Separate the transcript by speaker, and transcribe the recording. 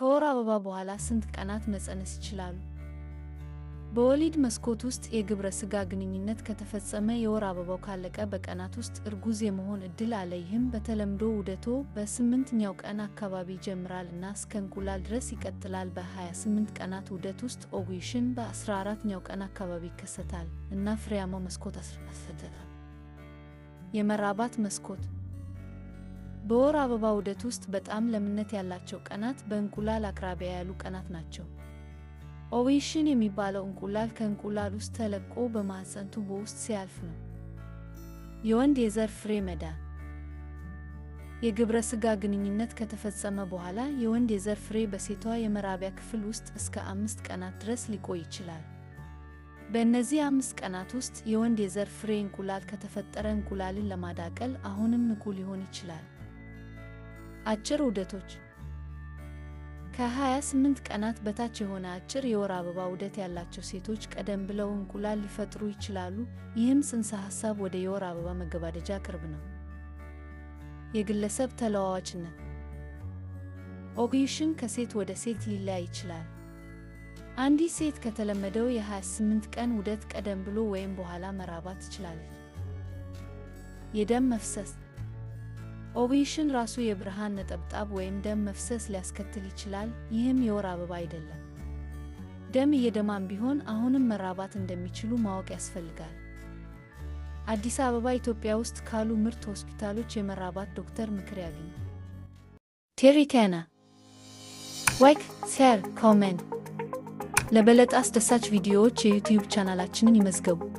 Speaker 1: ከወር አበባ በኋላ ስንት ቀናት መፀነስ ይችላሉ? በወሊድ መስኮት ውስጥ የግብረ ስጋ ግንኙነት ከተፈጸመ የወር አበባው ካለቀ በቀናት ውስጥ እርጉዝ የመሆን እድል አለ። ይህም በተለምዶ ውደቶ በስምንተኛው ቀን አካባቢ ይጀምራል እና እስከ እንቁላል ድረስ ይቀጥላል። በ28 ቀናት ውደት ውስጥ ኦጉሽን በ14ኛው ቀን አካባቢ ይከሰታል እና ፍሬያማው መስኮት አስፈተታል። የመራባት መስኮት በወር አበባ ዑደት ውስጥ በጣም ለምነት ያላቸው ቀናት በእንቁላል አቅራቢያ ያሉ ቀናት ናቸው። ኦቬሽን የሚባለው እንቁላል ከእንቁላል ውስጥ ተለቆ በማህፀን ቱቦ ውስጥ ሲያልፍ ነው። የወንድ የዘር ፍሬ መዳን የግብረ ሥጋ ግንኙነት ከተፈጸመ በኋላ የወንድ የዘር ፍሬ በሴቷ የመራቢያ ክፍል ውስጥ እስከ አምስት ቀናት ድረስ ሊቆይ ይችላል። በእነዚህ አምስት ቀናት ውስጥ የወንድ የዘር ፍሬ እንቁላል ከተፈጠረ እንቁላልን ለማዳቀል አሁንም ንቁ ሊሆን ይችላል። አጭር ዑደቶች ከ28 ቀናት በታች የሆነ አጭር የወር አበባ ዑደት ያላቸው ሴቶች ቀደም ብለው እንቁላል ሊፈጥሩ ይችላሉ። ይህም ጽንሰ ሐሳብ ወደ የወር አበባ መገባደጃ ቅርብ ነው። የግለሰብ ተለዋዋጭነት ኦቭዩሽን ከሴት ወደ ሴት ሊለያይ ይችላል። አንዲት ሴት ከተለመደው የ28 ቀን ዑደት ቀደም ብሎ ወይም በኋላ መራባት ትችላለች። የደም መፍሰስ ኦቬሽን ራሱ የብርሃን ነጠብጣብ ወይም ደም መፍሰስ ሊያስከትል ይችላል። ይህም የወር አበባ አይደለም። ደም እየደማም ቢሆን አሁንም መራባት እንደሚችሉ ማወቅ ያስፈልጋል። አዲስ አበባ ኢትዮጵያ ውስጥ ካሉ ምርጥ ሆስፒታሎች የመራባት ዶክተር ምክር ያግኙ።
Speaker 2: ቴሪቴና ዋይክ ሴር ኮመን ለበለጠ አስደሳች ቪዲዮዎች የዩትዩብ ቻናላችንን ይመዝገቡ።